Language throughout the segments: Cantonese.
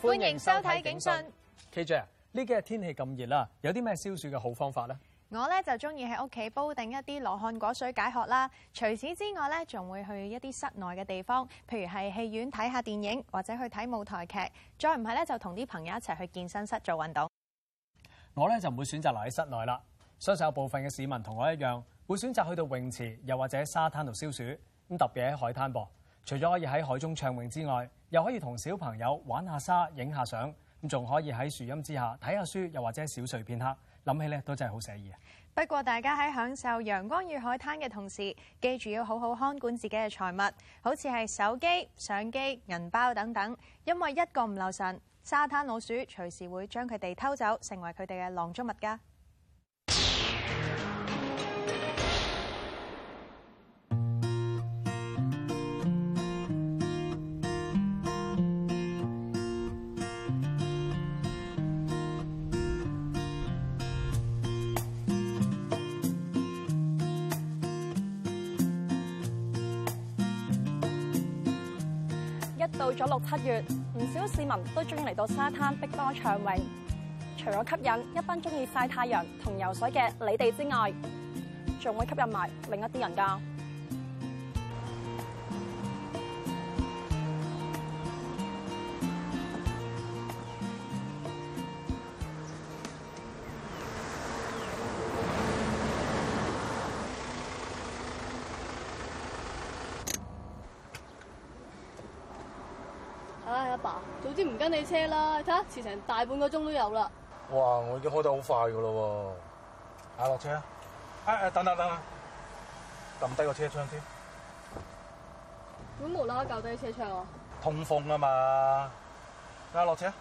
歡迎收睇警訊，KJ 呢幾日天氣咁熱啦，有啲咩消暑嘅好方法呢？我咧就中意喺屋企煲定一啲羅漢果水解渴啦。除此之外咧，仲會去一啲室內嘅地方，譬如係戲院睇下電影，或者去睇舞台劇。再唔係咧，就同啲朋友一齊去健身室做運動。我咧就唔會選擇留喺室內啦，相信有部分嘅市民同我一樣，會選擇去到泳池，又或者喺沙灘度消暑。咁特別喺海灘噃，除咗可以喺海中暢泳之外，又可以同小朋友玩下沙，影下相。仲可以喺樹蔭之下睇下書，又或者小睡片刻，諗起咧都真係好寫意啊！不過大家喺享受陽光與海灘嘅同時，記住要好好看管自己嘅財物，好似係手機、相機、銀包等等，因為一個唔留神，沙灘老鼠隨時會將佢哋偷走，成為佢哋嘅囊中物㗎。到咗六七月，唔少市民都锺意嚟到沙灘碧波暢泳。除咗吸引一班中意曬太陽同游水嘅你哋之外，仲會吸引埋另一啲人㗎。唔知唔跟你車啦，睇下遲成大半個鐘都有啦。哇！我已經開得好快噶喇喎，下落車啊！誒、呃、等等等啊，撳低個車窗先。點無啦？降低車窗啊！通風啊嘛，下落車。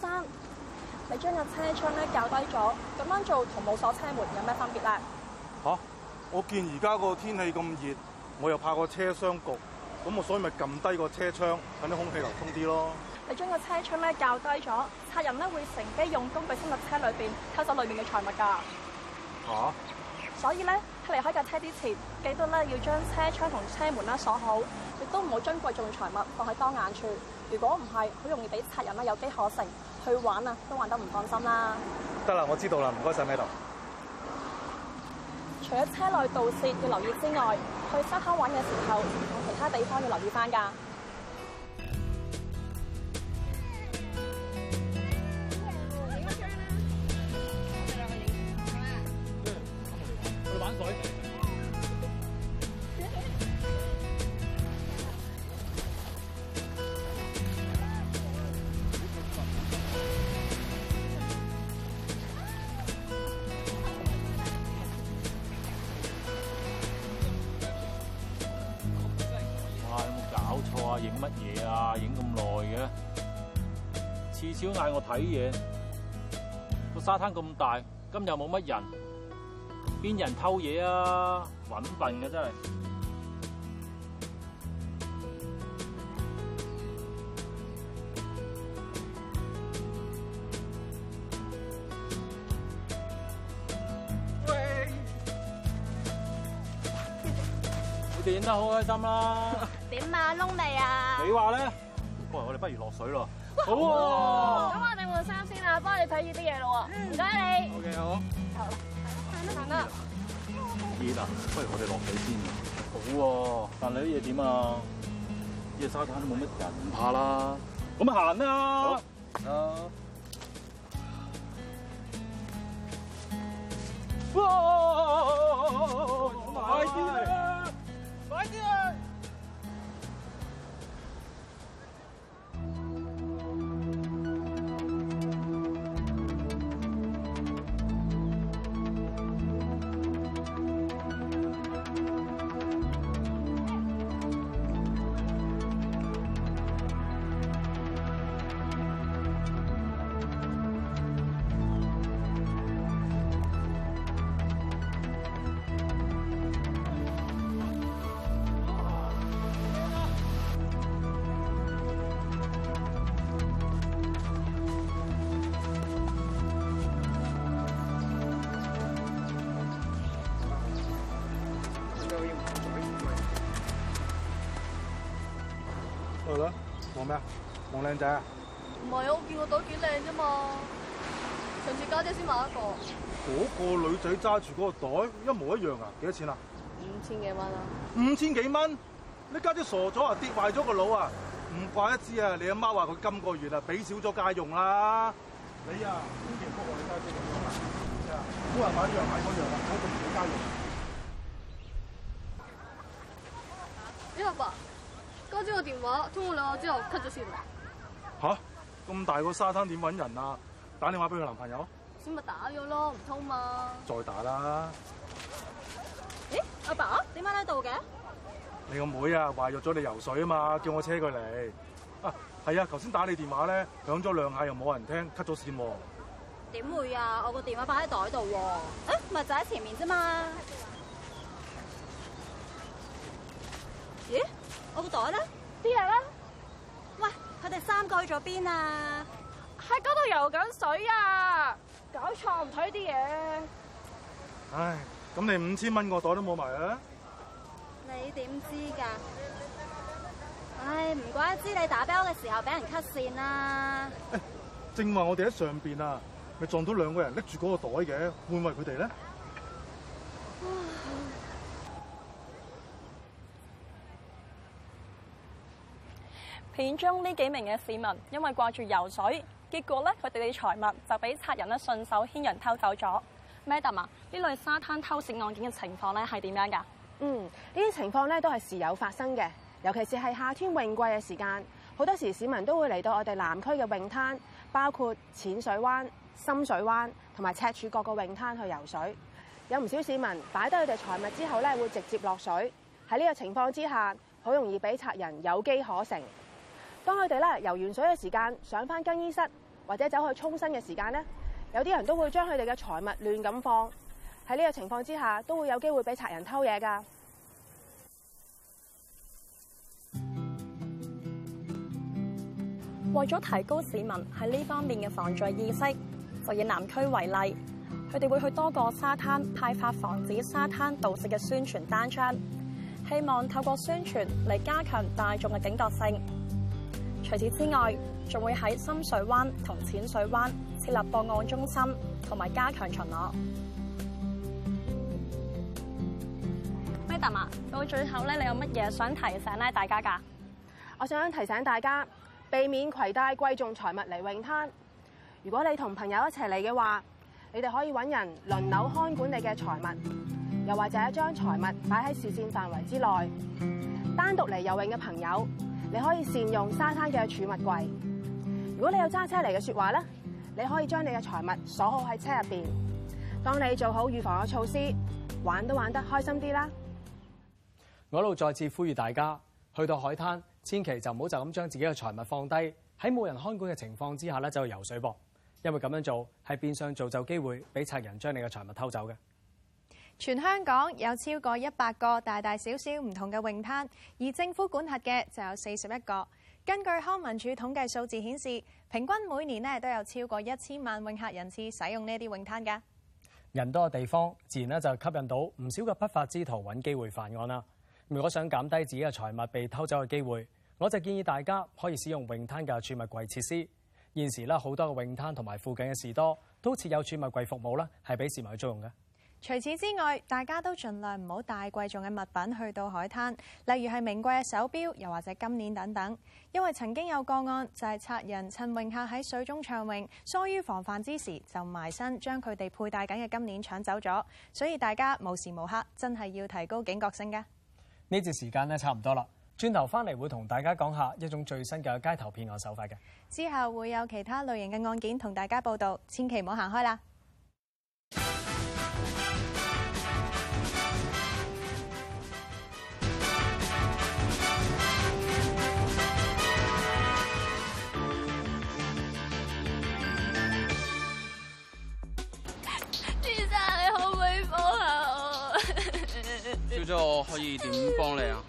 先生，你將個車窗咧較低咗，咁樣做同冇鎖車門有咩分別咧？吓、啊，我見而家個天氣咁熱，我又怕個車廂焗，咁我所以咪撳低個車窗，等啲空氣流通啲咯。你將個車窗咧較低咗，賊人咧會乘機用工具伸入車裏邊，偷走裏面嘅財物噶。吓、啊，所以咧，喺離開架車之前，記得咧要將車窗同車門啦鎖好，亦都唔好將貴重財物放喺當眼處。如果唔係，好容易俾賊人啦有機可乘。去玩啊，都玩得唔放心啦。得啦，我知道啦，唔該晒 Madam，除咗車內盜竊要留意之外，去沙灘玩嘅時候，仲有冇其他地方要留意翻噶？嘢啊，影咁耐嘅，次次嗌我睇嘢。個沙灘咁大，今日冇乜人，邊人偷嘢啊？揾笨嘅真係。喂，我哋影得好開心啦！ 點啊窿未啊？嗯、謝謝你話咧，喂，我哋不如落水咯。好，咁我哋換衫先啦，幫你睇住啲嘢咯。唔該你。O K 好、啊。行啦、啊啊，不如我哋落水先。好、啊，但你啲嘢點啊？依家沙灘都冇乜人，唔怕啦。咁行啦。好啊。快啲、啊、快啲咩啊，黃靚仔啊？唔係啊，我見個袋幾靚啫嘛。上次家姐先買一個。嗰個女仔揸住嗰個袋，一模一樣啊？幾多錢啊？五千幾蚊啊。五千幾蚊？你家姐傻咗啊？跌壞咗個腦啊？唔怪之得啊，你阿媽話佢今個月啊，俾少咗家用啦。你啊，千祈唔好學你家姐咁樣啦。啊，冇人買呢樣，買嗰樣啦，仲要家用。邊個啊？哥，接個電話，通咗兩下之後 cut 咗線。吓，咁、啊、大個沙灘點搵人啊？打電話俾佢男朋友？先咪打咗咯，唔通嘛？再打啦。咦、欸，阿爸，爸，點解喺度嘅？你個妹，妹啊，話約咗你游水啊嘛，叫我車佢嚟。啊，係啊，頭先打你電話咧，響咗兩下又冇人聽，cut 咗線喎。點會啊？我個電話放喺袋度喎、啊。誒、欸，咪就喺前面啫嘛？咦、欸？好袋啦，啲嘢啦，喂，佢哋三個去咗邊啊？喺嗰度游緊水啊！搞錯唔睇啲嘢。唉，咁你五千蚊個袋都冇埋啊？你點知㗎？唉，唔怪得知你打俾我嘅時候俾人 cut 線啦。正話我哋喺上邊啊，咪撞到兩個人拎住嗰個袋嘅，會唔會佢哋咧？點中呢幾名嘅市民，因為掛住游水，結果咧佢哋啲財物就俾賊人咧順手牽羊偷走咗。Madam 啊，呢類沙灘偷竊案件嘅情況咧係點樣噶？嗯，呢啲情況咧都係時有發生嘅，尤其是係夏天泳季嘅時間，好多時市民都會嚟到我哋南區嘅泳灘，包括淺水灣、深水灣同埋赤柱各個泳灘去游水。有唔少市民擺低佢哋財物之後咧，會直接落水，喺呢個情況之下，好容易俾賊人有機可乘。當佢哋咧遊完水嘅時間，上返更衣室或者走去沖身嘅時間咧，有啲人都會將佢哋嘅財物亂咁放，喺呢個情況之下，都會有機會俾賊人偷嘢噶。為咗提高市民喺呢方面嘅防罪意識，就以南區為例，佢哋會去多個沙灘派發防止沙灘盜竊嘅宣傳單張，希望透過宣傳嚟加強大眾嘅警覺性。除此之外，仲會喺深水灣同淺水灣設立報案中心和，同埋加強巡邏。Madam，到最後咧，你有乜嘢想提醒咧大家㗎？我想提醒大家，避免携帶貴重財物嚟泳灘。如果你同朋友一齊嚟嘅話，你哋可以揾人輪流看管你嘅財物，又或者將財物擺喺視線範圍之內。單獨嚟游泳嘅朋友。你可以善用沙灘嘅儲物櫃。如果你有揸車嚟嘅說話咧，你可以將你嘅財物鎖好喺車入邊。當你做好預防嘅措施，玩都玩得開心啲啦。我一路再次呼籲大家，去到海灘千祈就唔好就咁將自己嘅財物放低喺冇人看管嘅情況之下咧，就去游水噃，因為咁樣做係變相造就機會俾賊人將你嘅財物偷走嘅。全香港有超過一百個大大小小唔同嘅泳灘，而政府管轄嘅就有四十一個。根據康文署統計數字顯示，平均每年呢都有超過一千萬泳客人次使用呢啲泳灘嘅。人多嘅地方，自然呢就吸引到唔少嘅不法之徒揾機會犯案啦。如果想減低自己嘅財物被偷走嘅機會，我就建議大家可以使用泳灘嘅儲物櫃設施。現時咧好多嘅泳灘同埋附近嘅士多都設有儲物櫃服務啦，係俾市民去租用嘅。除此之外，大家都盡量唔好帶貴重嘅物品去到海灘，例如係名貴嘅手錶，又或者金鏈等等。因為曾經有個案就係賊人趁泳客喺水中暢泳疏於防範之時，就埋身將佢哋佩戴緊嘅金鏈搶走咗。所以大家無時無刻真係要提高警覺性嘅。呢節時間差唔多啦，轉頭翻嚟會同大家講下一種最新嘅街頭騙案手法嘅。之後會有其他類型嘅案件同大家報道，千祈唔好行開啦。我可以點幫你啊？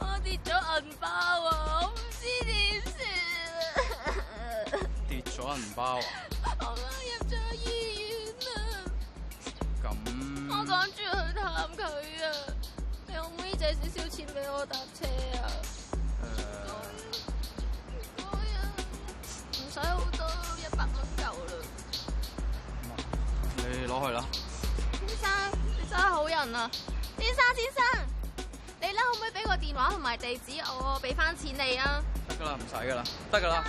我跌咗銀包啊，我唔知點算。跌咗銀包啊？我媽入咗去醫院啊。咁，我趕住去探佢啊！你可唔可以借少少錢俾我搭車啊？唔該，呃、唔該啊，唔使好多，一百蚊夠啦。你攞去啦。先生，你真係好人啊！先生，先生，你咧可唔可以俾個電話同埋地址我，給，俾翻錢你啊？得噶啦，唔使噶啦，得噶啦。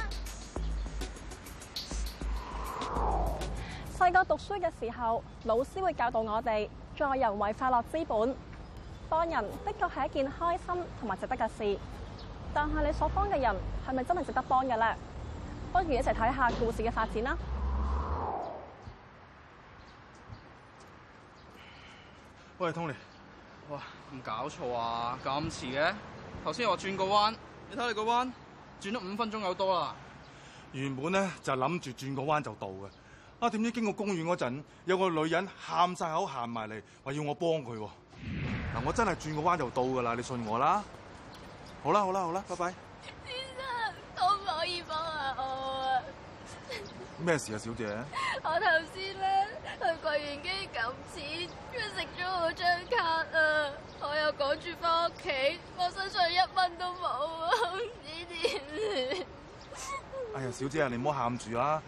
細個讀書嘅時候，老師會教導我哋：助人為快樂之本，幫人的確係一件開心同埋值得嘅事。但係你所幫嘅人係咪真係值得幫嘅咧？不如一齊睇下故事嘅發展啦。喂，Tony。哇！咁搞錯啊，咁遲嘅，頭先我轉個彎，你睇你個彎，轉咗五分鐘有多啦。原本咧就諗住轉個彎就到嘅，啊點知經過公園嗰陣，有個女人喊晒口行埋嚟，話要我幫佢。嗱，我真係轉個彎就到噶啦，你信我啦。好啦好啦好啦，拜拜。先生，可唔可以幫下我啊？咩事啊，小姐？我頭先咧。然我然間咁錢，佢食咗我張卡啊！我又趕住翻屋企，我身上一蚊都冇啊！好點哎呀，小姐啊，你唔好喊住啊！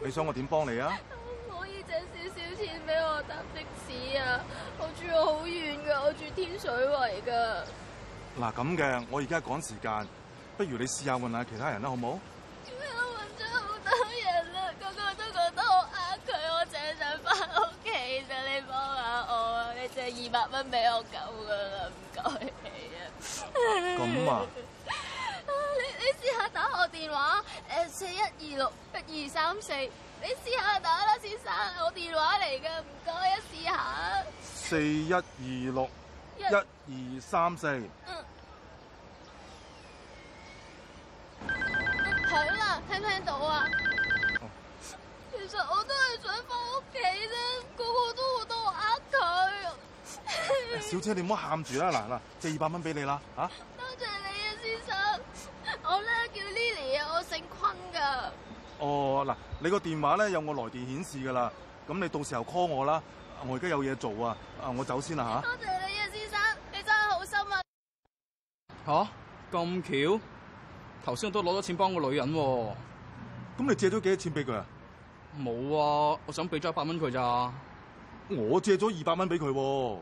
你想我點幫你啊？可，可以借少少錢俾我搭的士啊？我住好遠噶，我住天水圍噶。嗱咁嘅，我而家趕時間，不如你試下問下其他人啦，好唔好？二百蚊俾我夠噶啦，唔該你啊。咁 啊？你你試下打我電話，誒，四一二六一二三四，你試下打啦，先生，我的電話嚟噶，唔該，一試下。四一二六一二三四。小姐，你唔好喊住啦！嗱嗱，借二百蚊俾你啦，吓！多謝你啊，先生。我咧叫 Lily 啊，我姓坤噶。哦，嗱，你個電話咧有我來電顯示噶啦。咁你到時候 call 我啦。我而家有嘢做啊，啊，我走先啦吓。多謝你啊，先生，你真係好心啊。吓，咁巧？頭先我都攞咗錢幫個女人喎。咁你借咗幾多錢俾佢啊？冇啊，我想俾咗一百蚊佢咋。我借咗二百蚊俾佢。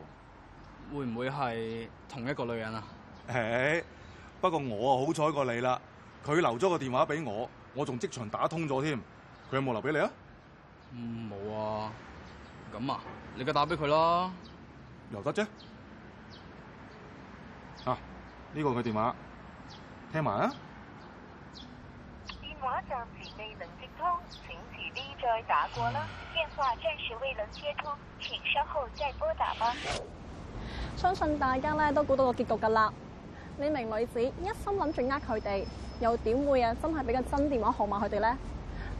會唔會係同一個女人啊？誒、hey，不過我啊好彩過你啦，佢留咗個電話俾我，我仲即場打通咗添。佢有冇留俾你啊？嗯，冇啊。咁啊，你而家打俾佢啦。留得啫、啊。啊，呢、這個佢電話，聽埋啊。電話暫時未能接通，請遲啲再打過啦。電話暫時未能接通，請稍後再撥打吧。相信大家咧都估到個結局噶啦。呢名女子一心諗住呃佢哋，又點會啊？真係俾個真電話號碼佢哋咧？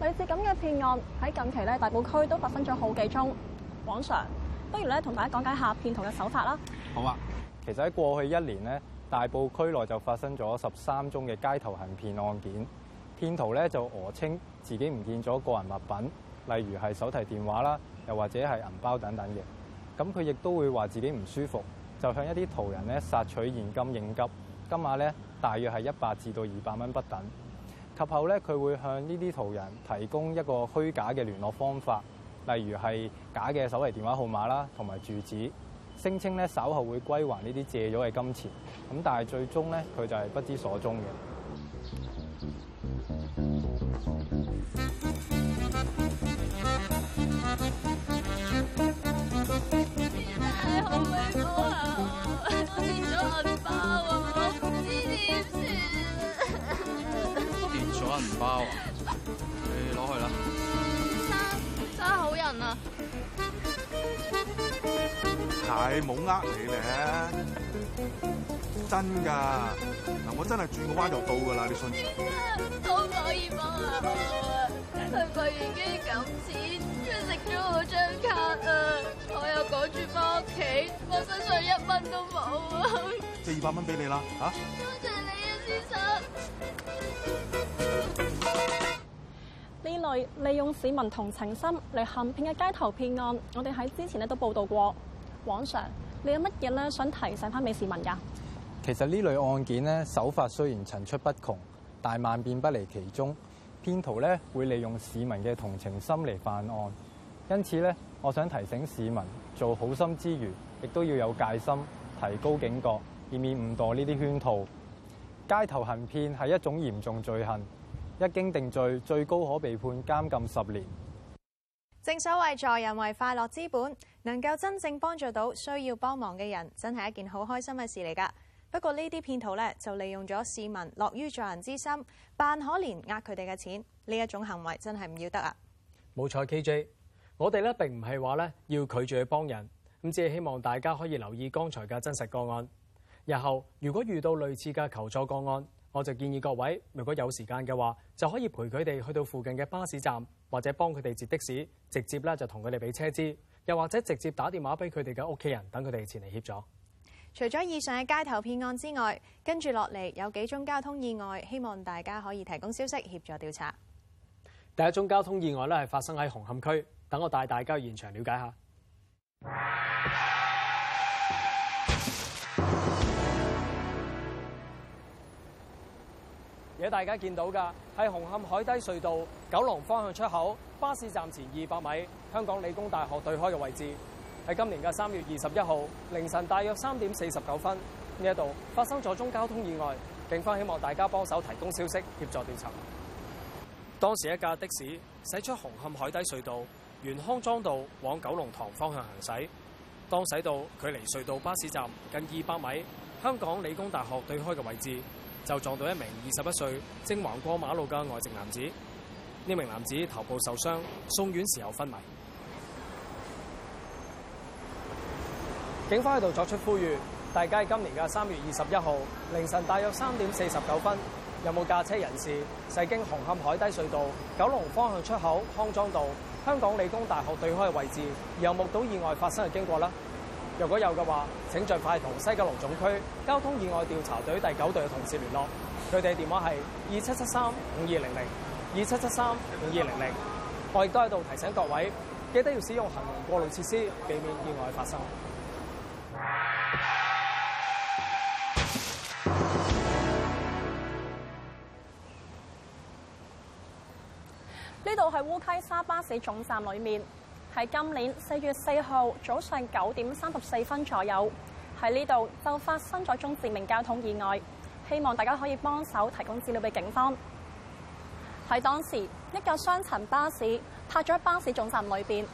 類似咁嘅騙案喺近期咧，大埔區都發生咗好幾宗。王 Sir，不如咧同大家講解下騙徒嘅手法啦。好啊，其實喺過去一年咧，大埔區內就發生咗十三宗嘅街頭行騙案件。騙徒咧就訛稱自己唔見咗個人物品，例如係手提電話啦，又或者係銀包等等嘅。咁佢亦都會話自己唔舒服。就向一啲途人咧索取現金應急，金額咧大約係一百至到二百蚊不等。及後咧，佢會向呢啲途人提供一個虛假嘅聯絡方法，例如係假嘅手提電話號碼啦，同埋住址，聲稱咧稍後會歸還呢啲借咗嘅金錢。咁但係最終咧，佢就係不知所蹤嘅。跌咗銀包啊！我唔知點算。跌咗銀包，你攞去啦。真真好人啊！係冇呃你咧，真噶。嗱，我真係轉個彎就到噶啦，你信唔信？生都可以幫我啊！佢居然敢剪，佢食咗我張卡啊！我又趕住翻屋企，我身上一蚊都冇啊！借二百蚊俾你啦，吓、啊！多謝，謝你啊，先生！呢類利用市民同情心嚟行騙嘅街頭騙案，我哋喺之前咧都報道過。王 Sir，你有乜嘢咧想提醒翻俾市民㗎？其實呢類案件咧手法雖然層出不窮，但萬變不離其中，騙徒咧會利用市民嘅同情心嚟犯案，因此咧。我想提醒市民做好心之餘亦都要有戒心，提高警覺，以免誤墮呢啲圈套。街頭行騙係一種嚴重罪行，一經定罪，最高可被判監禁十年。正所謂助人為快樂之本，能夠真正幫助到需要幫忙嘅人，真係一件好開心嘅事嚟噶。不過呢啲騙徒咧，就利用咗市民樂於助人之心，扮可憐，呃佢哋嘅錢。呢一種行為真係唔要得啊！冇錯，KJ。我哋咧，並唔係話咧，要拒絕去幫人，咁只係希望大家可以留意剛才嘅真實個案。日後如果遇到類似嘅求助個案，我就建議各位，如果有時間嘅話，就可以陪佢哋去到附近嘅巴士站，或者幫佢哋截的士，直接咧就同佢哋俾車資，又或者直接打電話俾佢哋嘅屋企人，等佢哋前嚟協助。除咗以上嘅街頭騙案之外，跟住落嚟有幾宗交通意外，希望大家可以提供消息協助調查。第一宗交通意外咧係發生喺紅磡區。等我帶大家去現場了解下。而家大家見到嘅係紅磡海底隧道九龍方向出口巴士站前二百米，香港理工大學對開嘅位置。喺今年嘅三月二十一號凌晨大約三點四十九分，呢一度發生咗宗交通意外。警方希望大家幫手提供消息協助調查。當時一架的士駛出紅磡海底隧道，沿康莊道往九龍塘方向行駛，當駛到距離隧道巴士站近二百米，香港理工大學對開嘅位置，就撞到一名二十一歲正橫過馬路嘅外籍男子。呢名男子頭部受傷，送院時候昏迷。警方喺度作出呼籲，大家今年嘅三月二十一號凌晨大約三點四十九分，有冇駕車人士駛經紅磡海底隧道九龍方向出口康莊道？香港理工大學對開嘅位置，又目睹意外發生嘅經過啦。如果有嘅話，請盡快同西九龍總區交通意外調查隊第九隊嘅同事聯絡，佢哋嘅電話係二七七三五二零零二七七三五二零零。我亦都喺度提醒各位，記得要使用行人過路設施，避免意外發生。烏溪沙巴士總站裏面，喺今年四月四號早上九點三十四分左右，喺呢度就發生咗宗致命交通意外。希望大家可以幫手提供資料俾警方。喺當時，一架雙層巴士泊咗巴士總站裏邊，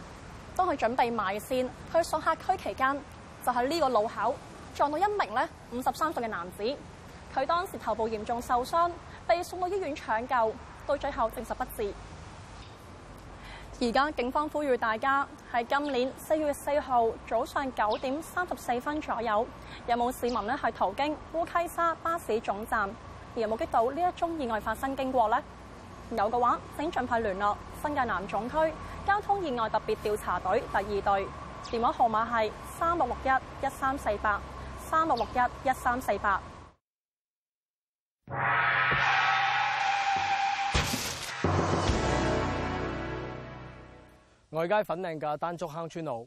當佢準備埋線去送客區期間，就喺呢個路口撞到一名呢五十三歲嘅男子。佢當時頭部嚴重受傷，被送到醫院搶救，到最後證實不治。而家警方呼籲大家，喺今年四月四號早上九點三十四分左右，有冇市民咧係途經烏溪沙巴士總站而有冇激到呢一宗意外發生經過咧？有嘅話，請盡快聯絡新界南總區交通意外特別調查隊第二隊，電話號碼係三六六一一三四八三六六一一三四八。外街粉嶺嘅丹竹坑村路，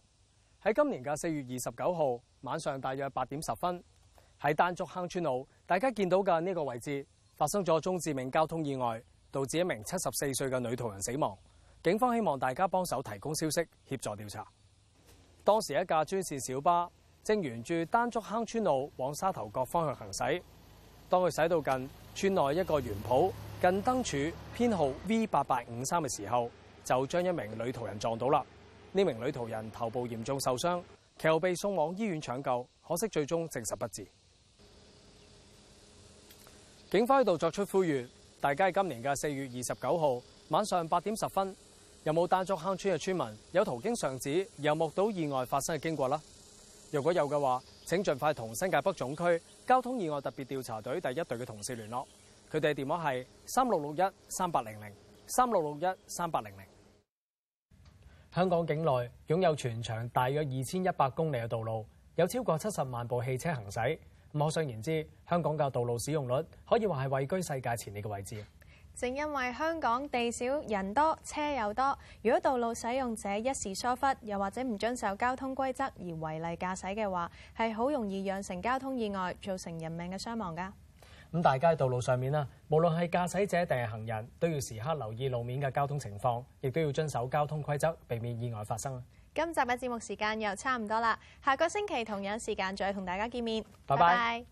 喺今年嘅四月二十九號晚上大約八點十分，喺丹竹坑村路，大家見到嘅呢個位置發生咗宗致命交通意外，導致一名七十四歲嘅女途人死亡。警方希望大家幫手提供消息，協助調查。當時一架專線小巴正沿住丹竹坑村路往沙頭角方向行駛，當佢駛到近村內一個圓埔近燈柱編號 V 八八五三嘅時候。就將一名女途人撞到啦！呢名女途人頭部嚴重受傷，其後被送往醫院搶救，可惜最終證實不治。警方喺度作出呼籲，大家今年嘅四月二十九號晚上八點十分，有冇丹竹坑村嘅村民有途經上址，又目睹意外發生嘅經過啦？如果有嘅話，請盡快同新界北總區交通意外特別調查隊第一隊嘅同事聯絡，佢哋嘅電話係三六六一三八零零三六六一三八零零。香港境內擁有全長大約二千一百公里嘅道路，有超過七十萬部汽車行駛。咁可想而知，香港嘅道路使用率可以話係位居世界前列嘅位置。正因為香港地少人多車又多，如果道路使用者一時疏忽，又或者唔遵守交通規則而違例駕駛嘅話，係好容易釀成交通意外，造成人命嘅傷亡㗎。咁大家喺道路上面啦，無論係駕駛者定係行人，都要時刻留意路面嘅交通情況，亦都要遵守交通規則，避免意外發生啊。今集嘅節目時間又差唔多啦，下個星期同樣時間再同大家見面。拜拜。